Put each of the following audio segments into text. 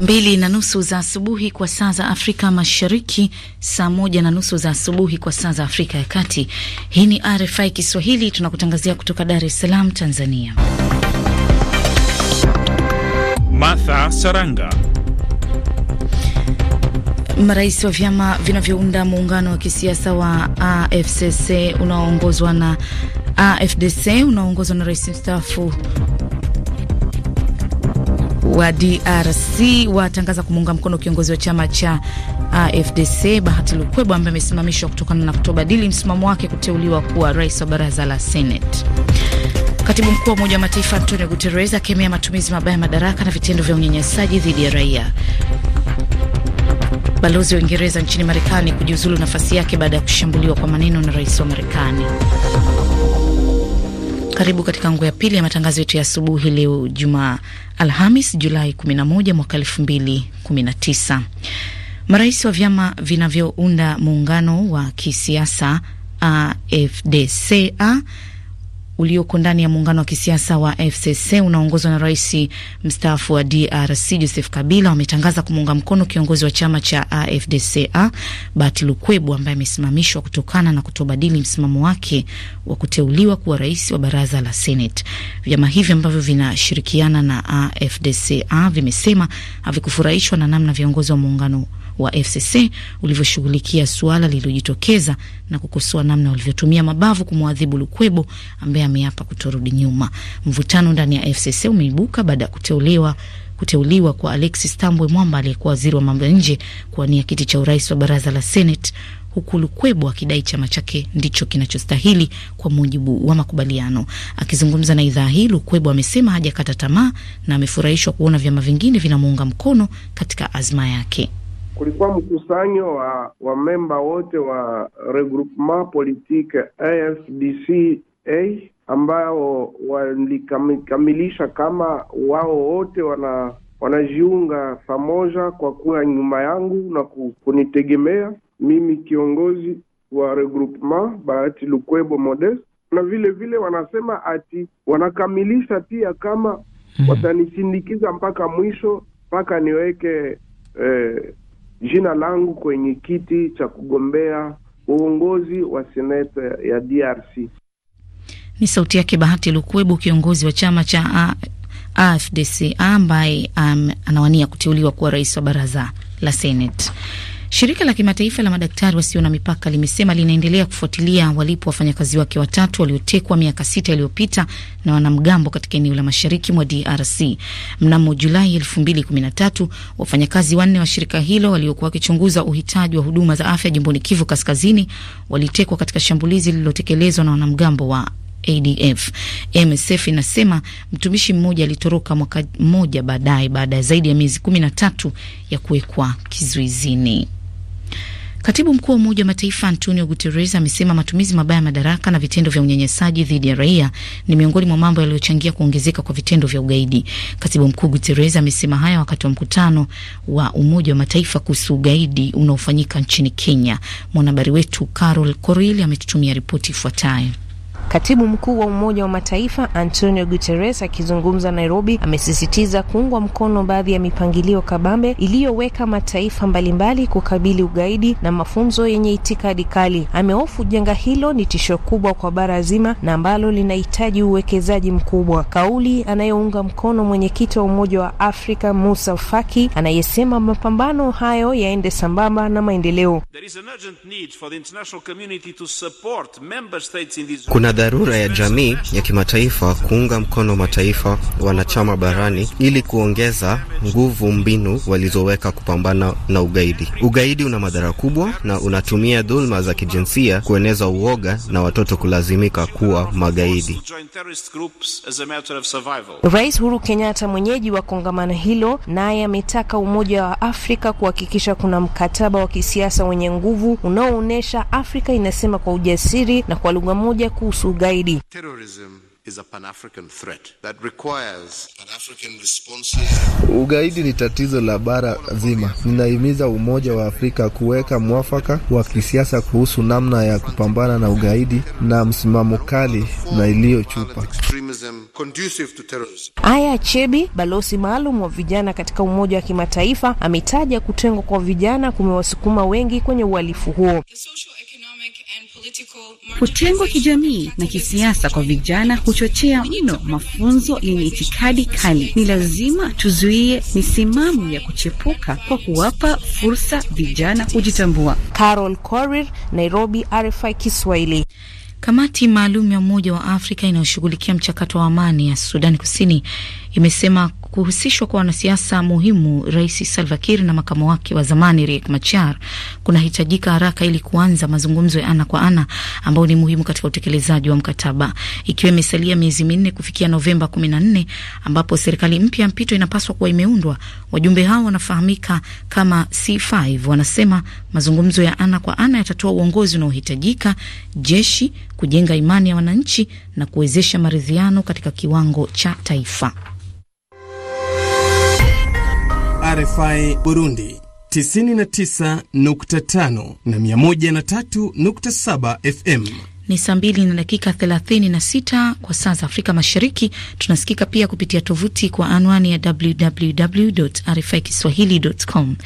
mbili na nusu za asubuhi kwa saa za Afrika Mashariki, saa moja na nusu za asubuhi kwa saa za Afrika ya Kati. Hii ni RFI Kiswahili, tunakutangazia kutoka Dar es Salaam, Tanzania. Martha Saranga. Marais wa vyama vinavyounda muungano wa kisiasa wa AFCC unaoongozwa na AFDC unaoongozwa na rais mstaafu wa DRC watangaza kumuunga mkono kiongozi wa chama cha AFDC uh, Bahati Lukwebo ambaye amesimamishwa kutokana na kutobadili msimamo wake kuteuliwa kuwa rais wa baraza la Senate. Katibu mkuu wa Umoja wa Mataifa Antonio Guterres akemea matumizi mabaya ya madaraka na vitendo vya unyanyasaji dhidi ya raia. Balozi wa Uingereza nchini Marekani kujiuzulu nafasi yake baada ya kushambuliwa kwa maneno na rais wa Marekani. Karibu katika nguo ya pili ya matangazo yetu ya asubuhi leo Jumaa Alhamis Julai 11 mwaka 2019. Marais wa vyama vinavyounda muungano wa kisiasa AFDCA ulioko ndani ya muungano wa kisiasa wa FCC unaongozwa na rais mstaafu wa DRC Joseph Kabila wametangaza kumuunga mkono kiongozi wa chama cha AFDCA bati lukwebu ambaye amesimamishwa kutokana na kutobadili msimamo wake wa kuteuliwa kuwa rais wa baraza la Senate. Vyama hivyo ambavyo vinashirikiana na AFDCA vimesema havikufurahishwa na namna viongozi wa muungano wa FCC ulivyoshughulikia suala lililojitokeza na kukosoa namna walivyotumia mabavu kumwadhibu Lukwebo ambaye ameapa kutorudi nyuma. Mvutano ndani ya FCC umeibuka baada ya kuteuliwa kuteuliwa kwa Alexis Tambwe Mwamba aliyekuwa waziri wa mambo ya nje kuwania kiti cha urais wa baraza la Senate, huku Lukwebo akidai chama chake ndicho kinachostahili kwa mujibu wa makubaliano. Akizungumza na idhaa hii, Lukwebo amesema hajakata tamaa na amefurahishwa kuona vyama vingine vinamuunga mkono katika azma yake kulikuwa mkusanyo wa wa memba wote wa Regroupement Politique AFDCA ambao walikamilisha kama wao wote wana wanajiunga pamoja kwa kuwa nyuma yangu na kunitegemea mimi kiongozi wa Regroupement Bahati Lukwebo Modest, na vile vile wanasema ati wanakamilisha pia kama hmm. watanisindikiza mpaka mwisho mpaka niweke eh, jina langu kwenye kiti cha kugombea uongozi wa seneta ya DRC. Ni sauti yake Bahati lukwebu kiongozi wa chama cha AFDC ambaye um, anawania kuteuliwa kuwa rais wa baraza la Senate. Shirika la kimataifa la madaktari wasio na mipaka limesema linaendelea kufuatilia walipo wafanyakazi wake watatu waliotekwa miaka sita iliyopita na wanamgambo katika eneo la mashariki mwa DRC. Mnamo Julai 2013 wafanyakazi wanne wa shirika hilo waliokuwa wakichunguza uhitaji wa huduma za afya jimboni Kivu Kaskazini walitekwa katika shambulizi lililotekelezwa na wanamgambo wa ADF. MSF inasema mtumishi mmoja alitoroka mwaka mmoja baadaye baada ya zaidi ya miezi kumi na tatu ya kuwekwa kizuizini. Katibu mkuu wa Umoja wa Mataifa Antonio Guterres amesema matumizi mabaya ya madaraka na vitendo vya unyanyasaji dhidi ya raia ni miongoni mwa mambo yaliyochangia kuongezeka kwa vitendo vya ugaidi. Katibu mkuu Guterres amesema haya wakati wa mkutano wa Umoja wa Mataifa kuhusu ugaidi unaofanyika nchini Kenya. Mwanahabari wetu Carol Koril ametutumia ripoti ifuatayo. Katibu mkuu wa Umoja wa Mataifa Antonio Guterres akizungumza Nairobi amesisitiza kuungwa mkono baadhi ya mipangilio kabambe iliyoweka mataifa mbalimbali kukabili ugaidi na mafunzo yenye itikadi kali. ameofu janga hilo ni tisho kubwa kwa bara zima na ambalo linahitaji uwekezaji mkubwa, kauli anayounga mkono mwenyekiti wa Umoja wa Afrika Musa Faki anayesema mapambano hayo yaende sambamba na maendeleo dharura ya jamii ya kimataifa kuunga mkono mataifa wanachama barani ili kuongeza nguvu mbinu walizoweka kupambana na ugaidi. Ugaidi una madhara kubwa na unatumia dhuluma za kijinsia kueneza uoga na watoto kulazimika kuwa magaidi. Rais Uhuru Kenyatta, mwenyeji wa kongamano hilo, naye ametaka Umoja wa Afrika kuhakikisha kuna mkataba wa kisiasa wenye nguvu unaoonyesha Afrika inasema kwa ujasiri na kwa lugha moja kuhusu kuhusu ugaidi. Ugaidi ni tatizo la bara zima. Ninahimiza Umoja wa Afrika kuweka mwafaka wa kisiasa kuhusu namna ya kupambana na ugaidi na msimamo kali na iliyochupa. Aya Chebi, balozi maalum wa vijana katika Umoja wa Kimataifa, ametaja kutengwa kwa vijana kumewasukuma wengi kwenye uhalifu huo. Kutengwa kijamii na kisiasa kwa vijana huchochea mno mafunzo yenye itikadi kali. Ni lazima tuzuie misimamo ya kuchepuka kwa kuwapa fursa vijana kujitambua. Carol Korir, Nairobi, RFI Kiswahili. Kamati maalum ya Umoja wa Afrika inayoshughulikia mchakato wa amani ya Sudani Kusini imesema kuhusishwa kwa wanasiasa muhimu, Rais Salva Kiir na makamu wake wa zamani Riek Machar kunahitajika haraka ili kuanza mazungumzo ya ana kwa ana ambayo ni muhimu katika utekelezaji wa mkataba, ikiwa imesalia miezi minne kufikia Novemba 14 ambapo serikali mpya ya mpito inapaswa kuwa imeundwa. Wajumbe hao wanafahamika kama C5 wanasema mazungumzo ya ana kwa ana yatatoa uongozi unaohitajika, jeshi kujenga imani ya wananchi na kuwezesha maridhiano katika kiwango cha taifa. RFI Burundi 99.5 na 103.7 FM. Ni saa mbili na dakika 36 kwa saa za Afrika Mashariki. Tunasikika pia kupitia tovuti kwa anwani ya www.rfikiswahili.com.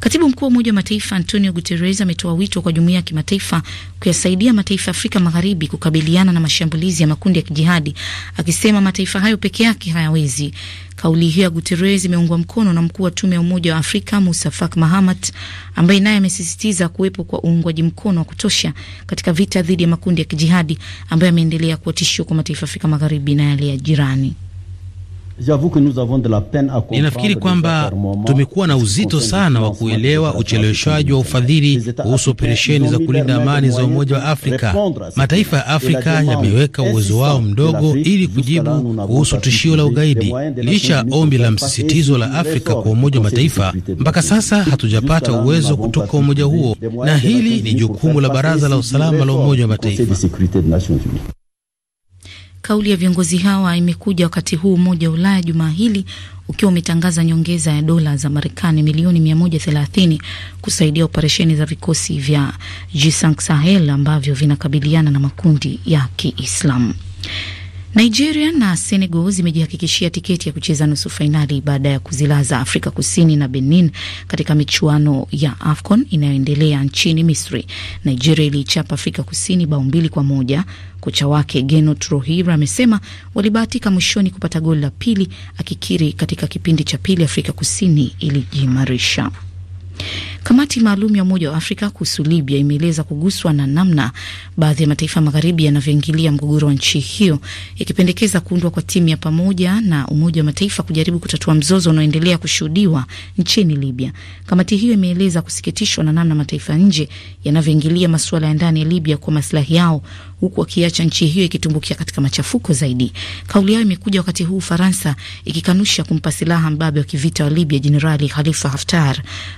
Katibu mkuu wa Umoja wa Mataifa Antonio Guterres ametoa wito kwa jumuiya ya kimataifa kuyasaidia mataifa ya Afrika Magharibi kukabiliana na mashambulizi ya makundi ya kijihadi, akisema mataifa hayo peke yake hayawezi. Kauli hiyo ya Guterres imeungwa mkono na mkuu wa tume ya Umoja wa Afrika Musa Mahamat, ambaye naye amesisitiza kuwepo kwa uungwaji mkono wa kutosha katika vita dhidi ya makundi ya kijihadi ambayo yameendelea kuwa tishio kwa mataifa ya Afrika Magharibi na yale ya jirani. Ninafikiri kwamba tumekuwa na uzito sana wa kuelewa ucheleweshwaji wa ufadhili kuhusu operesheni za kulinda amani za Umoja wa Afrika. Mataifa ya Afrika yameweka uwezo wao mdogo ili kujibu kuhusu tishio la ugaidi. Licha ya ombi la msisitizo la Afrika kwa Umoja wa Mataifa, mpaka sasa hatujapata uwezo kutoka umoja huo, na hili ni jukumu la Baraza la Usalama la Umoja wa Mataifa. Kauli ya viongozi hawa imekuja wakati huu Umoja wa Ulaya jumaa hili ukiwa umetangaza nyongeza ya dola za Marekani milioni 130 kusaidia operesheni za vikosi vya G5 Sahel ambavyo vinakabiliana na makundi ya Kiislamu. Nigeria na Senegal zimejihakikishia tiketi ya kucheza nusu fainali baada ya kuzilaza Afrika Kusini na Benin katika michuano ya AFCON inayoendelea nchini Misri. Nigeria iliichapa Afrika Kusini bao mbili kwa moja. Kocha wake Genot Rohira amesema walibahatika mwishoni kupata goli la pili, akikiri katika kipindi cha pili Afrika Kusini ilijiimarisha. Kamati maalum ya Umoja wa Afrika kuhusu Libya imeeleza kuguswa na namna baadhi ya mataifa magharibi yanavyoingilia mgogoro wa nchi hiyo, ikipendekeza kuundwa kwa timu ya pamoja na Umoja wa Mataifa kujaribu kutatua mzozo unaoendelea kushuhudiwa nchini Libya. Kamati hiyo imeeleza kusikitishwa na namna mataifa nje yanavyoingilia masuala ya ndani ya Libya kwa maslahi yao huku wakiacha nchi hiyo ikitumbukia katika machafuko zaidi. Kauli yao imekuja wakati huu Ufaransa ikikanusha kumpa silaha mbabe wa kivita wa Libya Jenerali Khalifa Haftar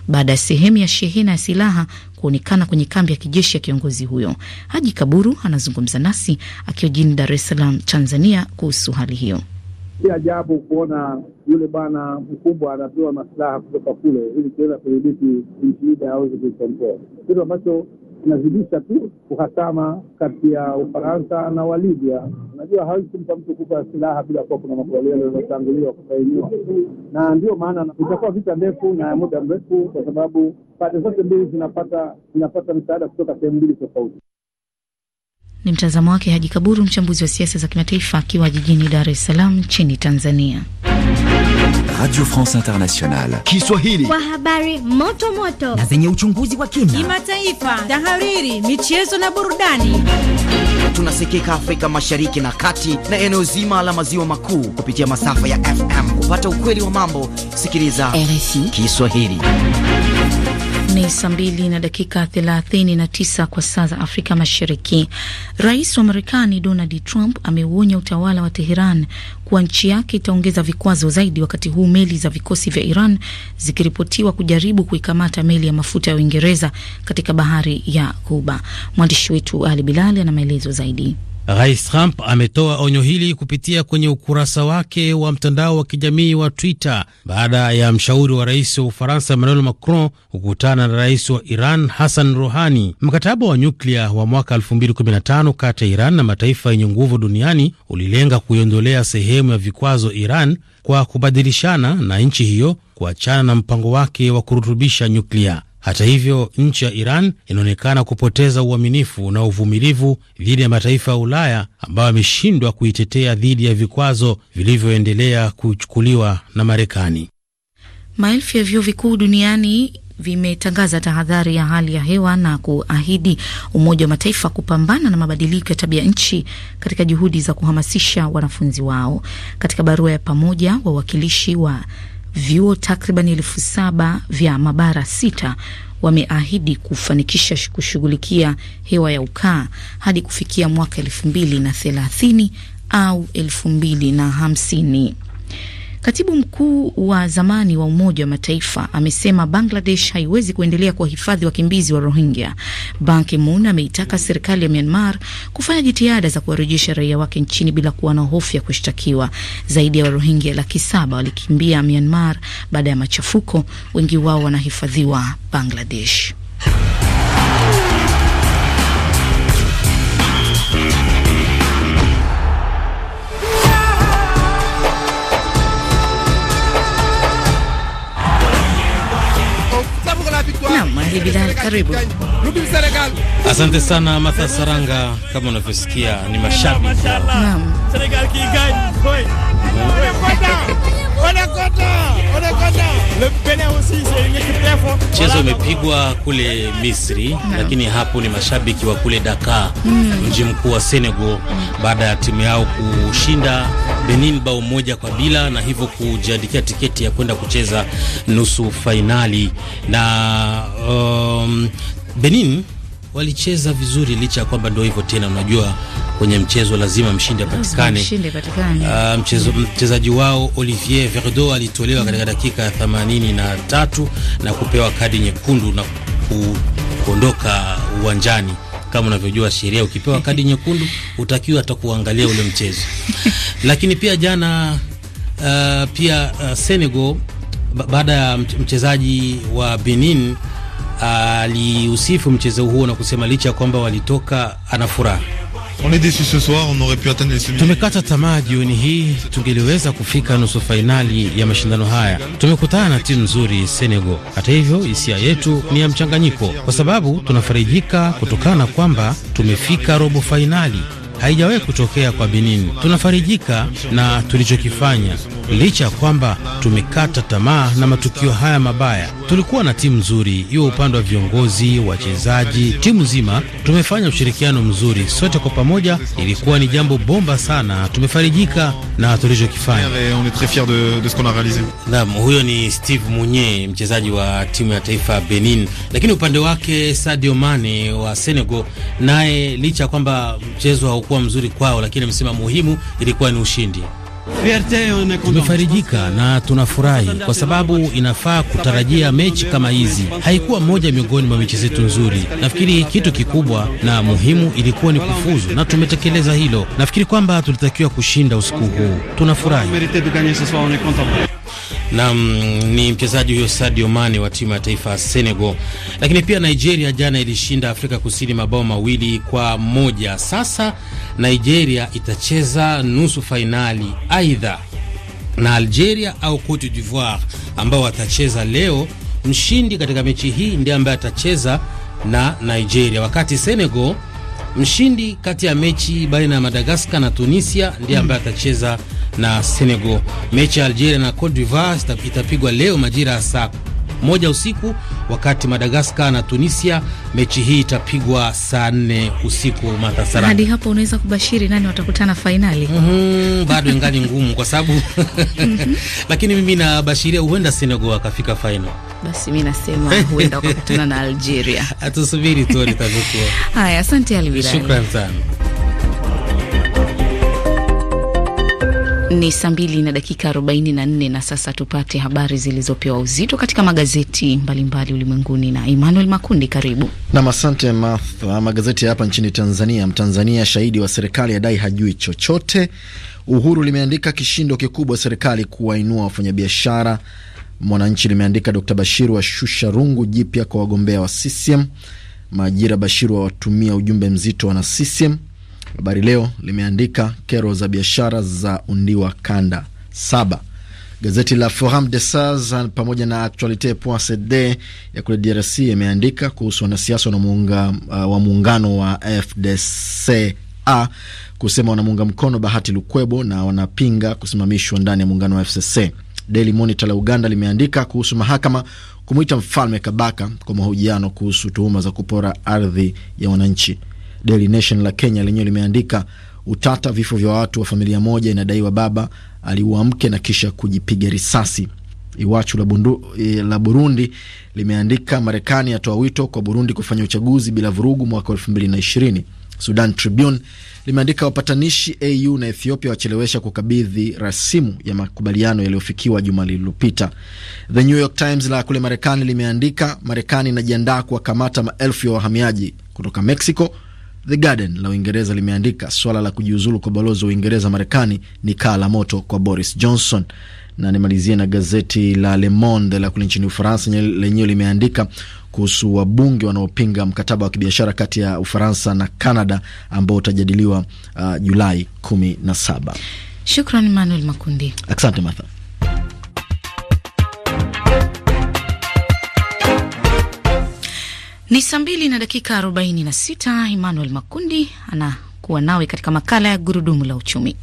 baada ya sehemu ya shehena ya silaha kuonekana kwenye kambi ya kijeshi ya kiongozi huyo. Haji Kaburu anazungumza nasi akiwa jijini Dar es Salaam, Tanzania, kuhusu hali hiyo. Si ajabu kuona yule bwana mkubwa anapewa masilaha kutoka kule ili kuweza kudhibiti nchi ile aweze kuikomboa, kitu ambacho inazidisha tu uhasama kati ya Ufaransa na Walibya. Unajua, hawezi kumpa mtu kupa silaha bila kuwa kuna makubaliano yaliyotanguliwa kusainiwa, na ndio maana itakuwa vita ndefu na ya muda mrefu, kwa sababu pande zote mbili zinapata zinapata msaada kutoka sehemu mbili tofauti. Ni mtazamo wake Haji Kaburu, mchambuzi wa siasa za kimataifa akiwa jijini Dar es Salaam nchini Tanzania. Radio France Internationale Kiswahili kwa habari moto moto na zenye uchunguzi wa kina, kimataifa, tahariri, michezo na burudani. Tunasikika Afrika Mashariki na Kati na eneo zima la maziwa makuu kupitia masafa ya FM. Kupata ukweli wa mambo, sikiliza RFI Kiswahili. Ni saa mbili na dakika 39 kwa saa za Afrika Mashariki. Rais wa Marekani Donald Trump ameuonya utawala wa Teheran kuwa nchi yake itaongeza vikwazo zaidi, wakati huu meli za vikosi vya Iran zikiripotiwa kujaribu kuikamata meli ya mafuta ya Uingereza katika bahari ya Ghuba. Mwandishi wetu Ali Bilali ana maelezo zaidi. Rais Trump ametoa onyo hili kupitia kwenye ukurasa wake wa mtandao wa kijamii wa Twitter baada ya mshauri wa rais wa Ufaransa Emmanuel Macron kukutana na rais wa Iran Hassan Rouhani. Mkataba wa nyuklia wa mwaka 2015 kati ya Iran na mataifa yenye nguvu duniani ulilenga kuiondolea sehemu ya vikwazo Iran kwa kubadilishana na nchi hiyo kuachana na mpango wake wa kurutubisha nyuklia. Hata hivyo, nchi ya Iran inaonekana kupoteza uaminifu na uvumilivu dhidi ya mataifa ya Ulaya ambayo ameshindwa kuitetea dhidi ya vikwazo vilivyoendelea kuchukuliwa na Marekani. Maelfu ya vyuo vikuu duniani vimetangaza tahadhari ya hali ya hewa na kuahidi Umoja wa Mataifa kupambana na mabadiliko ya tabia nchi katika juhudi za kuhamasisha wanafunzi wao. Katika barua ya pamoja, wawakilishi wa vyuo takriban elfu saba vya mabara sita wameahidi kufanikisha kushughulikia hewa ya ukaa hadi kufikia mwaka elfu mbili na thelathini au elfu mbili na hamsini. Katibu mkuu wa zamani wa Umoja wa Mataifa amesema Bangladesh haiwezi kuendelea kuwahifadhi wakimbizi wa Rohingya. Ban Ki-moon ameitaka serikali ya Myanmar kufanya jitihada za kuwarejesha raia wake nchini bila kuwa na hofu ya kushtakiwa. Zaidi ya Warohingya laki saba walikimbia Myanmar baada ya machafuko, wengi wao wanahifadhiwa Bangladesh. Ali Bilal, karibu. Asante sana Matha Saranga, kama unavyosikia ni mashabiki Mchezo umepigwa kule Misri no. Lakini hapo ni mashabiki wa kule Dakar mm. Mji mkuu wa Senegal baada ya timu yao kushinda Benin bao moja kwa bila na hivyo kujiandikia tiketi ya kwenda kucheza nusu fainali na um, Benin walicheza vizuri licha ya kwamba ndio hivyo tena. Unajua, kwenye mchezo lazima mshindi apatikane. Uh, mchezo mchezaji wao Olivier Verdo alitolewa katika dakika ya 83 na kupewa kadi nyekundu na kuondoka uwanjani. Kama unavyojua sheria, ukipewa kadi nyekundu utakiwa hata kuangalia ule mchezo. Lakini pia jana uh, pia uh, Senegal baada ya mchezaji wa Benin aliusifu mchezo huo na kusema licha ya kwamba walitoka, ana furaha. Tumekata tamaa jioni hii, tungeliweza kufika nusu fainali ya mashindano haya. Tumekutana na timu nzuri Senegal. Hata hivyo, hisia yetu ni ya mchanganyiko, kwa sababu tunafarijika kutokana na kwamba tumefika robo fainali haijawahi kutokea kwa Benin. Tunafarijika na tulichokifanya, licha ya kwamba tumekata tamaa na matukio haya mabaya. Tulikuwa na timu nzuri, iwe upande wa viongozi, wachezaji, timu nzima. Tumefanya ushirikiano mzuri sote kwa pamoja, ilikuwa ni jambo bomba sana. Tumefarijika na tulichokifanya. Eh, Naam, huyo ni Steve Munye, mchezaji wa timu ya taifa Benin. Lakini upande wake Sadio Mane wa Senegal, naye licha ya kwamba mchezo haukuwa hakuwa mzuri kwao, lakini amesema muhimu ilikuwa ni ushindi. Tumefarijika na tunafurahi kwa sababu inafaa kutarajia mechi kama hizi. Haikuwa moja miongoni mwa mechi zetu nzuri. Nafikiri kitu kikubwa na muhimu ilikuwa ni kufuzu, na tumetekeleza hilo. Nafikiri kwamba tulitakiwa kushinda usiku huu. Tunafurahi na ni mchezaji huyo Sadio Mane wa timu ya taifa ya Senegal. Lakini pia Nigeria jana ilishinda Afrika Kusini mabao mawili kwa moja. Sasa Nigeria itacheza nusu fainali aidha na Algeria au Cote d'Ivoire ambao watacheza leo. Mshindi katika mechi hii ndiye ambaye atacheza na Nigeria, wakati Senegal mshindi kati ya mechi baina ya Madagaskar na Tunisia ndiye ambaye atacheza na Senegal. Mechi ya Algeria na Cote d'Ivoire itapigwa leo majira ya saa moja usiku, wakati Madagaskar na Tunisia mechi hii itapigwa saa nne usiku. Matasara, hadi hapo unaweza kubashiri nani watakutana fainali? mm -hmm, bado ingani ngumu kwa sababu Lakini mimi nabashiria huenda Senegal akafika fainali. Basi mimi nasema huenda wakakutana na Algeria. Atusubiri tuone itavyokuwa. Haya, asante Ali Bilal, shukran sana. Ni saa mbili na dakika 44 na sasa tupate habari zilizopewa uzito katika magazeti mbalimbali ulimwenguni na Emmanuel Makundi. Karibu nam. Asante Martha. Magazeti hapa nchini Tanzania. Mtanzania shahidi wa serikali adai hajui chochote. Uhuru limeandika kishindo kikubwa serikali kuwainua wafanyabiashara. Mwananchi limeandika Dkt Bashiru washusha rungu jipya kwa wagombea wa CCM. Majira, Bashiru wawatumia ujumbe mzito wana CCM Habari Leo limeandika kero za biashara za undiwa kanda saba. Gazeti la Forum des Sas pamoja na Actualite.cd ya kule DRC yameandika kuhusu wanasiasa uh, wa muungano wa FDCA kusema wanamuunga mkono Bahati Lukwebo na wanapinga kusimamishwa ndani ya muungano wa FCC. Daily Monitor la Uganda limeandika kuhusu mahakama kumwita Mfalme Kabaka kwa mahojiano kuhusu tuhuma za kupora ardhi ya wananchi. Daily Nation la Kenya lenyewe limeandika utata, vifo vya watu wa familia moja, inadaiwa baba aliua mke na kisha kujipiga risasi. Iwachu la, bundu, e, la Burundi limeandika Marekani atoa wito kwa Burundi kufanya uchaguzi bila vurugu mwaka 2020. Sudan Tribune limeandika wapatanishi AU na Ethiopia wachelewesha kukabidhi rasimu ya makubaliano yaliyofikiwa juma lililopita. The New York Times la kule Marekani limeandika Marekani inajiandaa kuwakamata maelfu ya wahamiaji kutoka Mexico The Garden la Uingereza limeandika swala la kujiuzulu kwa balozi wa Uingereza Marekani ni kaa la moto kwa Boris Johnson. Na nimalizie na gazeti la Le Monde la kule nchini Ufaransa, lenyewe limeandika kuhusu wabunge wanaopinga mkataba wa kibiashara kati ya Ufaransa na Canada ambao utajadiliwa uh, Julai kumi Shukrani Manuel Makundi. Asante Martha. Ni saa mbili na dakika arobaini na sita. Emmanuel Makundi anakuwa nawe katika makala ya gurudumu la uchumi.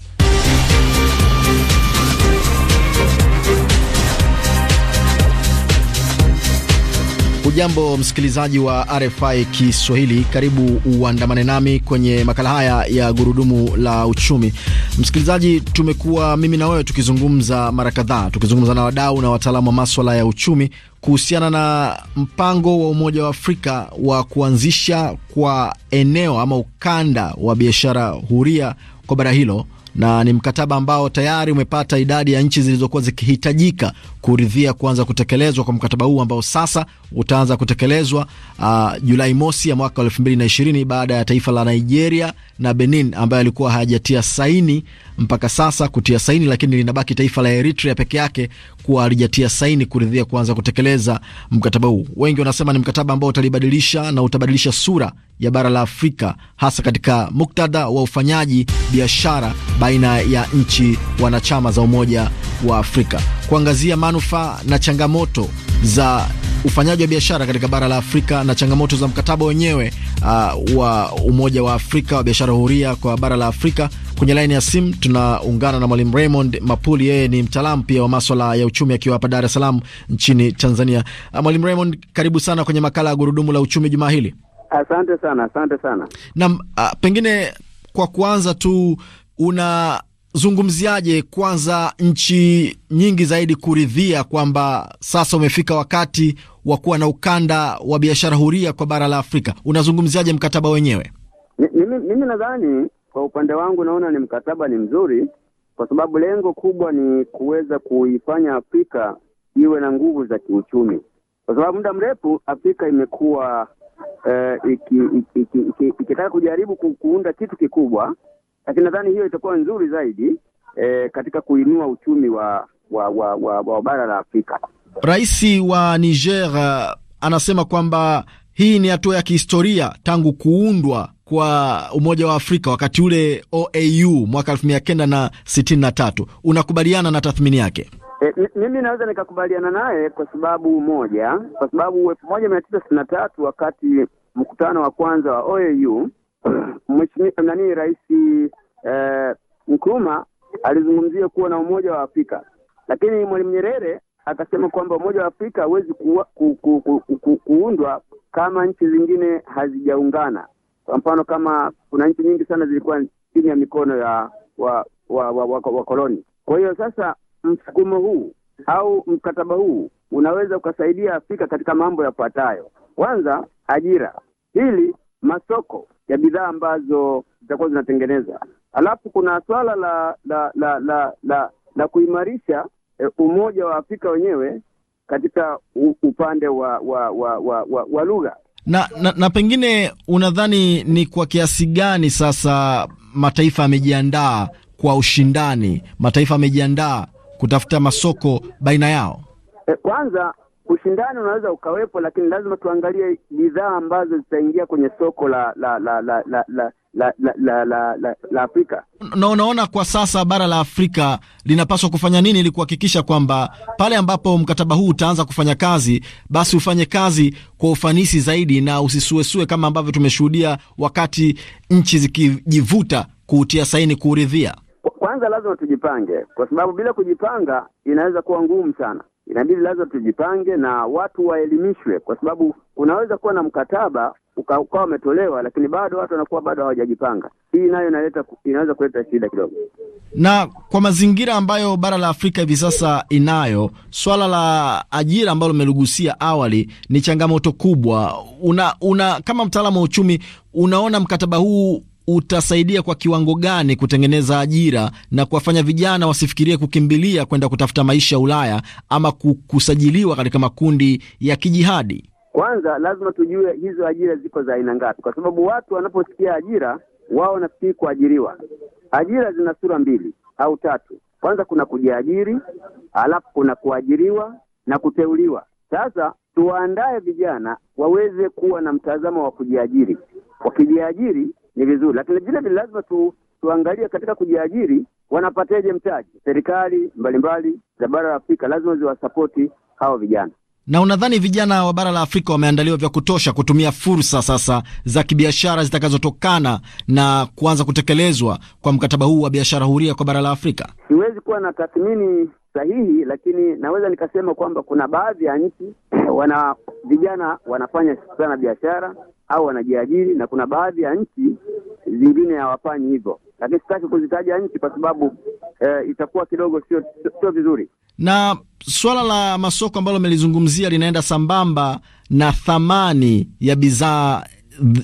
Ujambo msikilizaji wa RFI Kiswahili, karibu uandamane nami kwenye makala haya ya gurudumu la uchumi. Msikilizaji, tumekuwa mimi na wewe tukizungumza mara kadhaa, tukizungumza na wadau na wataalamu wa maswala ya uchumi kuhusiana na mpango wa Umoja wa Afrika wa kuanzisha kwa eneo ama ukanda wa biashara huria kwa bara hilo, na ni mkataba ambao tayari umepata idadi ya nchi zilizokuwa zikihitajika kuridhia kuanza kutekelezwa kwa mkataba huu ambao sasa utaanza kutekelezwa uh, Julai mosi ya mwaka ishirini baada ya taifa la Nigeria na Benin ambayo alikuwa hayajatia saini mpaka sasa kutia saini, lakini linabaki taifa la Eritrea peke yake kuwa alijatia saini kuridhia kuanza kutekeleza mkataba huu. Wengi wanasema ni mkataba ambao utalibadilisha na utabadilisha sura ya bara la Afrika, hasa katika muktadha wa ufanyaji biashara baina ya nchi wanachama za Umoja wa Afrika, kuangazia manufaa na changamoto za ufanyaji wa biashara katika bara la Afrika na changamoto za mkataba wenyewe uh, wa Umoja wa Afrika wa biashara huria kwa bara la Afrika. Kwenye laini ya simu tunaungana na mwalimu Raymond Mapuli, yeye ni mtaalamu pia wa maswala ya uchumi akiwa hapa Dar es Salaam nchini Tanzania. Ah, mwalimu Raymond, karibu sana kwenye makala ya gurudumu la uchumi jumaa hili. Asante sana, asante sana. Naam, ah, pengine kwa kuanza tu una zungumziaje kwanza nchi nyingi zaidi kuridhia kwamba sasa umefika wakati wa kuwa na ukanda wa biashara huria kwa bara la Afrika? Unazungumziaje mkataba wenyewe? Mimi nadhani kwa upande wangu naona ni mkataba ni mzuri, kwa sababu lengo kubwa ni kuweza kuifanya Afrika iwe na nguvu za kiuchumi, kwa sababu muda mrefu Afrika imekuwa uh, eh, ikitaka iki, iki, iki, iki, iki kujaribu kuunda kitu kikubwa, lakini nadhani hiyo itakuwa nzuri zaidi eh, katika kuinua uchumi wa wa, wa, wa, wa bara la Afrika. Rais wa Niger eh, anasema kwamba hii ni hatua ya kihistoria tangu kuundwa kwa Umoja wa Afrika wakati ule OAU mwaka elfu mia kenda na na sitini tatu Unakubaliana na tathmini yake? E, mimi naweza nikakubaliana naye kwa sababu moja, kwa sababu elfu moja mia tisa sitini na tatu wakati mkutano wa kwanza wa OAU nani rais e, Nkrumah alizungumzia kuwa na umoja wa Afrika, lakini Mwalimu Nyerere akasema kwamba Umoja wa Afrika hauwezi ku, ku, ku, ku, ku, kuundwa kama nchi zingine hazijaungana. Kwa mfano, kama kuna nchi nyingi sana zilikuwa chini ya mikono ya wa wa wa, wa kwa hiyo sasa msukumo huu au mkataba huu unaweza ukasaidia Afrika katika mambo yafuatayo: kwanza, ajira; pili, masoko ya bidhaa ambazo zitakuwa zinatengeneza. Alafu kuna swala la la la la la, la kuimarisha Eh, Umoja wa Afrika wenyewe katika upande wa wa wa, wa, wa, wa lugha na, na, na pengine unadhani ni kwa kiasi gani sasa mataifa yamejiandaa kwa ushindani? Mataifa yamejiandaa kutafuta masoko baina yao? E, kwanza ushindani unaweza ukawepo, lakini lazima tuangalie bidhaa ambazo zitaingia kwenye soko la la la la, la, la, la, la, la, la, la, la Afrika. Na unaona kwa sasa bara la Afrika linapaswa kufanya nini ili kuhakikisha kwamba pale ambapo mkataba huu utaanza kufanya kazi, basi ufanye kazi kwa ufanisi zaidi na usisuesue kama ambavyo tumeshuhudia wakati nchi zikijivuta kuutia saini kuuridhia? Kwanza lazima tujipange, kwa sababu bila kujipanga inaweza kuwa ngumu sana inabidi lazima tujipange na watu waelimishwe, kwa sababu unaweza kuwa na mkataba ukawa umetolewa, lakini bado watu wanakuwa bado hawajajipanga. Hii nayo inaleta inaweza kuleta shida kidogo, na kwa mazingira ambayo bara la Afrika hivi sasa inayo, swala la ajira ambalo limelugusia awali ni changamoto kubwa. Una, una kama mtaalamu wa uchumi, unaona mkataba huu utasaidia kwa kiwango gani kutengeneza ajira na kuwafanya vijana wasifikirie kukimbilia kwenda kutafuta maisha ya Ulaya ama kusajiliwa katika makundi ya kijihadi? Kwanza lazima tujue hizo ajira ziko za aina ngapi, kwa sababu watu wanaposikia ajira wao wanafikiri kuajiriwa. Ajira zina sura mbili au tatu. Kwanza kuna kujiajiri, alafu kuna kuajiriwa na kuteuliwa. Sasa tuwaandae vijana waweze kuwa na mtazamo wa kujiajiri. Wakijiajiri ni vizuri, lakini vile vile lazima tu tuangalie katika kujiajiri, wanapataje mtaji? Serikali mbalimbali za bara la Afrika lazima ziwasapoti hawa vijana. Na unadhani vijana wa bara la Afrika wameandaliwa vya kutosha kutumia fursa sasa za kibiashara zitakazotokana na kuanza kutekelezwa kwa mkataba huu wa biashara huria kwa bara la Afrika? Siwezi kuwa na tathmini sahihi, lakini naweza nikasema kwamba kuna baadhi ya nchi wana vijana wanafanya sana biashara, au wanajiajiri, na kuna baadhi ya nchi zingine hawafanyi hivyo, lakini sitaki kuzitaja nchi kwa sababu eh, itakuwa kidogo sio sio vizuri. Na swala la masoko ambalo amelizungumzia linaenda sambamba na thamani ya bidhaa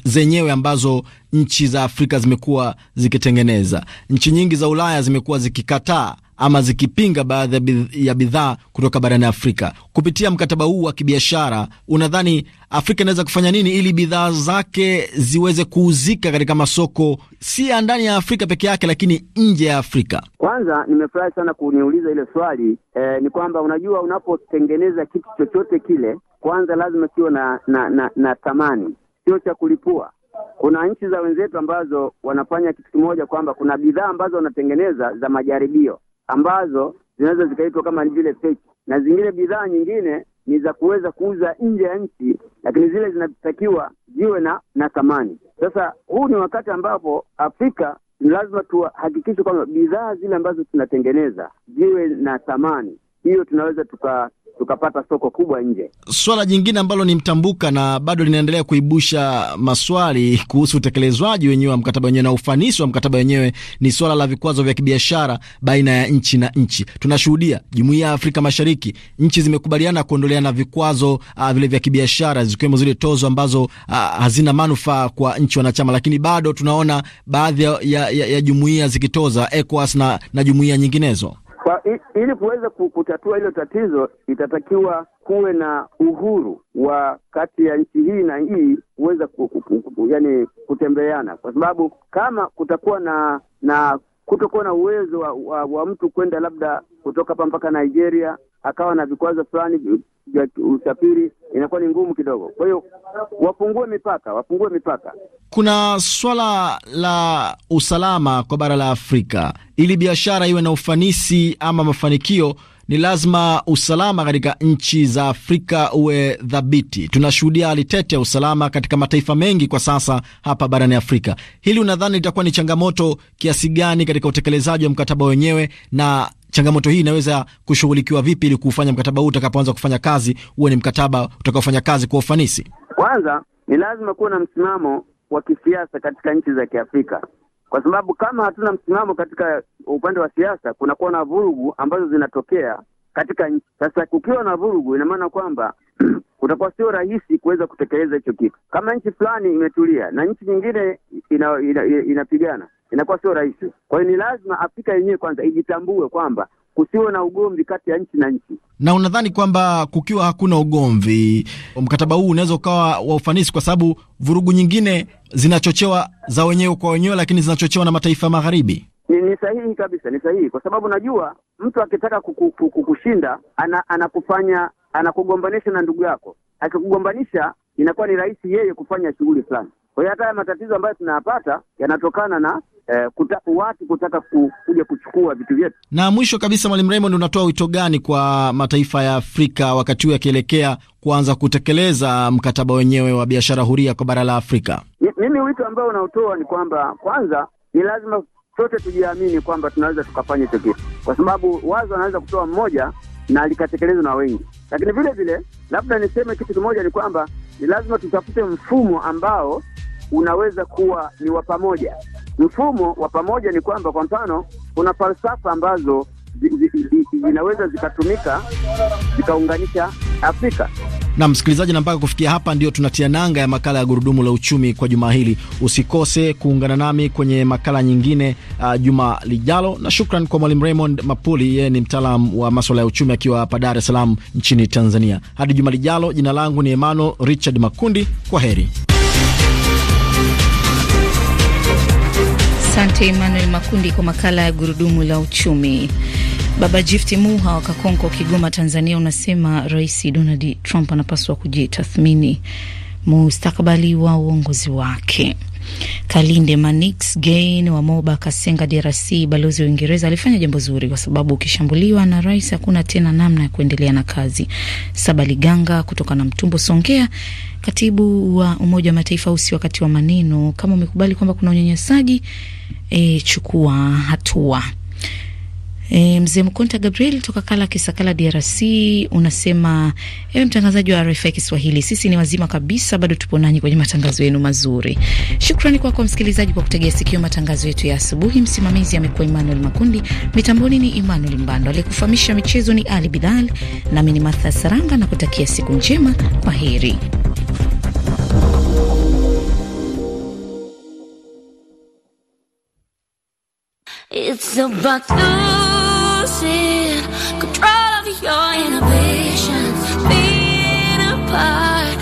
zenyewe ambazo nchi za Afrika zimekuwa zikitengeneza. Nchi nyingi za Ulaya zimekuwa zikikataa ama zikipinga baadhi ya bidhaa kutoka barani Afrika. Kupitia mkataba huu wa kibiashara, unadhani Afrika inaweza kufanya nini ili bidhaa zake ziweze kuuzika katika masoko si ya ndani ya Afrika peke yake, lakini nje ya Afrika? Kwanza nimefurahi sana kuniuliza ile swali. E, ni kwamba unajua, unapotengeneza kitu chochote kile, kwanza lazima kiwe na, na, na, na thamani, sio cha kulipua. Kuna nchi za wenzetu ambazo wanafanya kitu kimoja kwamba kuna bidhaa ambazo wanatengeneza za majaribio ambazo zinaweza zikaitwa kama vile feki, na zingine bidhaa nyingine ni za kuweza kuuza nje ya nchi, lakini zile zinatakiwa ziwe na na thamani. Sasa huu ni wakati ambapo Afrika ni lazima tuhakikishe kwamba bidhaa zile ambazo tunatengeneza ziwe na thamani. Hiyo tunaweza tuka tukapata soko kubwa nje. Swala jingine ambalo ni mtambuka na bado linaendelea kuibusha maswali kuhusu utekelezwaji wenyewe wa mkataba wenyewe na ufanisi wa mkataba wenyewe ni swala la vikwazo vya kibiashara baina ya nchi na nchi. Tunashuhudia jumuiya ya Afrika Mashariki, nchi zimekubaliana kuondoleana vikwazo a, ah, vile vya kibiashara, zikiwemo zile tozo ambazo a, ah, hazina manufaa kwa nchi wanachama, lakini bado tunaona baadhi ya, ya, ya jumuiya zikitoza ECOWAS na, na jumuiya nyinginezo. Kwa ili kuweza kutatua hilo tatizo, itatakiwa kuwe na uhuru wa kati ya nchi hii na hii kuweza yani kutembeana, kwa sababu kama kutakuwa na na kutokuwa na uwezo wa, wa, wa mtu kwenda labda kutoka hapa mpaka Nigeria akawa na vikwazo fulani vya usafiri, inakuwa ni ngumu kidogo. Kwa hiyo wapungue mipaka, wapungue mipaka, kuna swala la usalama kwa bara la Afrika. Ili biashara iwe na ufanisi ama mafanikio, ni lazima usalama katika nchi za Afrika uwe thabiti. Tunashuhudia hali tete ya usalama katika mataifa mengi kwa sasa hapa barani Afrika. Hili unadhani litakuwa ni changamoto kiasi gani katika utekelezaji wa mkataba wenyewe, na changamoto hii inaweza kushughulikiwa vipi ili kuufanya mkataba huu utakapoanza kufanya kazi uwe ni mkataba utakaofanya kazi kwa ufanisi? Kwanza ni lazima kuwa na msimamo wa kisiasa katika nchi za Kiafrika, kwa sababu kama hatuna msimamo katika upande wa siasa, kunakuwa na vurugu ambazo zinatokea katika nchi. Sasa kukiwa na vurugu, ina maana kwamba kutakuwa sio rahisi kuweza kutekeleza hicho kitu. Kama nchi fulani imetulia na nchi nyingine inapigana ina, ina, ina inakuwa sio rahisi. Kwa hiyo ni lazima Afrika yenyewe kwanza ijitambue kwamba kusiwe na ugomvi kati ya nchi na nchi. Na unadhani kwamba kukiwa hakuna ugomvi, mkataba huu unaweza ukawa wa ufanisi, kwa sababu vurugu nyingine zinachochewa za wenyewe kwa wenyewe, lakini zinachochewa na mataifa magharibi? Ni, ni sahihi kabisa, ni sahihi kwa sababu najua mtu akitaka kukushinda ana, anakufanya anakugombanisha na ndugu yako. Akikugombanisha inakuwa ni rahisi yeye kufanya shughuli fulani. Kwa hiyo hata haya matatizo ambayo tunayapata yanatokana na eh, watu kutaka ku, kuja kuchukua vitu vyetu. Na mwisho kabisa, Mwalimu Raymond, unatoa wito gani kwa mataifa ya Afrika wakati huu yakielekea kuanza kutekeleza mkataba wenyewe wa biashara huria kwa bara la Afrika? Mimi wito ambao unaotoa ni kwamba kwanza ni lazima sote tujiamini kwamba tunaweza tukafanya hicho kitu, kwa sababu wazo anaweza kutoa mmoja na likatekelezwa na wengi. Lakini vile vile, labda niseme kitu kimoja, ni kwamba ni lazima tutafute mfumo ambao unaweza kuwa ni wa pamoja, mfumo wa pamoja ni kwamba, kwa mfano, kuna falsafa ambazo zinaweza zikatumika zikaunganisha Afrika na msikilizaji, na mpaka kufikia hapa ndio tunatia nanga ya makala ya gurudumu la uchumi kwa juma hili. Usikose kuungana nami kwenye makala nyingine uh, juma lijalo, na shukran kwa mwalimu Raymond Mapuli, yeye ni mtaalam wa maswala ya uchumi akiwa hapa Dar es Salaam nchini Tanzania. Hadi juma lijalo, jina langu ni Emmanuel Richard Makundi, kwa heri. Asante Emmanuel Makundi kwa makala ya gurudumu la uchumi. Baba Jifti Muha wa Kakonko, Kigoma, Tanzania, unasema Rais Donald Trump anapaswa kujitathmini mustakabali wa uongozi wake. Kalinde Manix Gain wa Moba Kasenga, DRC, balozi wa Uingereza, alifanya jambo zuri kwa sababu ukishambuliwa na rais hakuna tena namna ya kuendelea na kazi. Sabaliganga kutoka na Mtumbo, Songea, katibu wa Umoja wa Mataifa usi wakati wa maneno, kama umekubali kwamba kuna unyanyasaji e, chukua hatua. E, mzee Mkonta Gabriel toka Kala Kisakala, DRC unasema, ewe mtangazaji wa RFI Kiswahili, sisi ni wazima kabisa, bado tupo nanyi kwenye matangazo yenu mazuri. Shukrani kwako msikilizaji kwa kutegea sikio matangazo yetu ya asubuhi. Msimamizi amekuwa Emmanuel Makundi, mitamboni ni Emmanuel Mbando, aliyekufahamisha michezo ni Ali Bilal, nami ni Martha Saranga na kutakia siku njema. Kwa heri. It's about losing control of your inhibitions. Being a part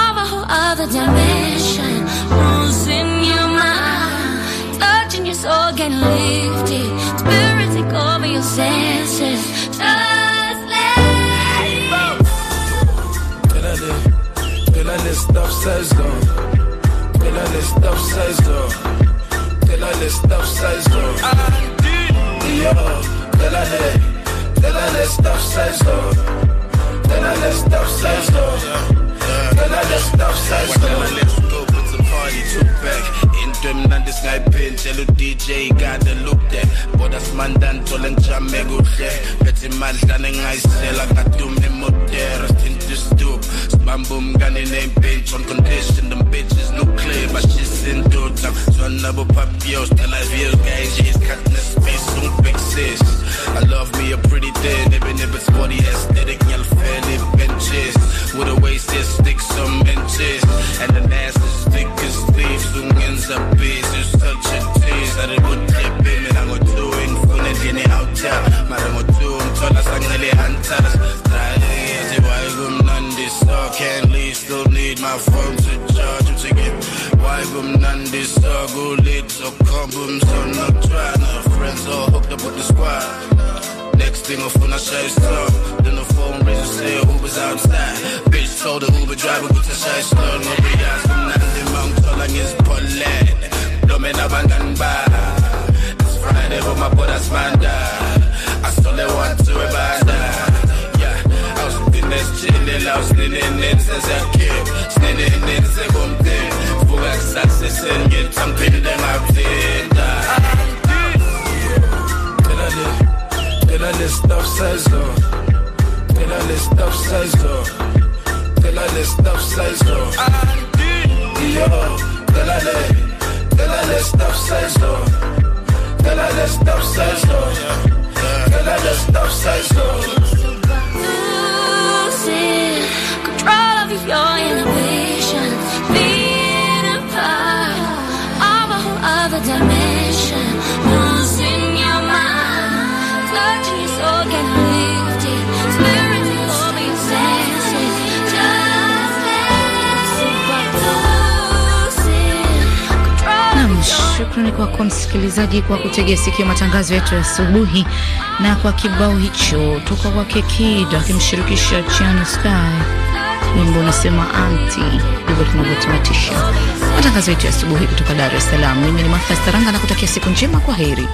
of a whole other dimension. Losing your mind, touching your soul, getting lifted. Spirits take over your senses. Just let it go. Bilalist upsize down. Bilalist upsize this stuff upsize down. I did. Yeah let télale stop sexo. Then stop sexo. Télale stop sexo party 2 back, into emnandi singayiphinzela u-dj kade lukde boda simandantole ngijame kuhle bethe imandlana engingayisela ngadume imotera stintistup sibambe umngane ney'mpintshon condition them bitches nuclear bashisa intuta zwanabo papios telaviyos kanje isikhathi nespace ungibhekisisi I love me a pretty thing, even if it's body aesthetic, y'all fairly benches. With a waist that sticks some inches. And the just touch and tears aribudepe mina ngo-two ngifuna endlini outya mara ngo-two ngithola sanginele hunters dryeyazi waye kumnandi so can leave still need my phone to charge uthike waye kumnandi so kulit zokukhomba umsonokutshwana friends all hooked up with the squad Next thing I phone, I shut slow. Then the phone rings and say Uber's outside. Bitch told the Uber driver, get the shut slow. Nobody asked him now mangithola ngizipholele noma nabangani bami Friday with my brother Smanda. I stole the one to a banda. Yeah, I was in this I was in it as a kid. Sitting in it, say one thing. For success and get something that I've seen. Tell her this, tell her stuff says though. Tell her this stuff though. Tell her stuff says though yo Délale, délale stop sexo Délale stop sexo Délale stop sexo Losing control of your inhibition Being a part of a whole other dimension Losing your mind Touching your soul, Shukrani kwako msikilizaji kwa kutegea sikio matangazo yetu ya asubuhi, na kwa kibao hicho toka kwa Kid akimshirikisha Chiano Sky, wimbo unasema anti. Ndivyo tunavyotamatisha matangazo yetu ya asubuhi kutoka Dar es Salaam. Mimi ni Martha Saranga na kutakia siku njema. Kwa heri.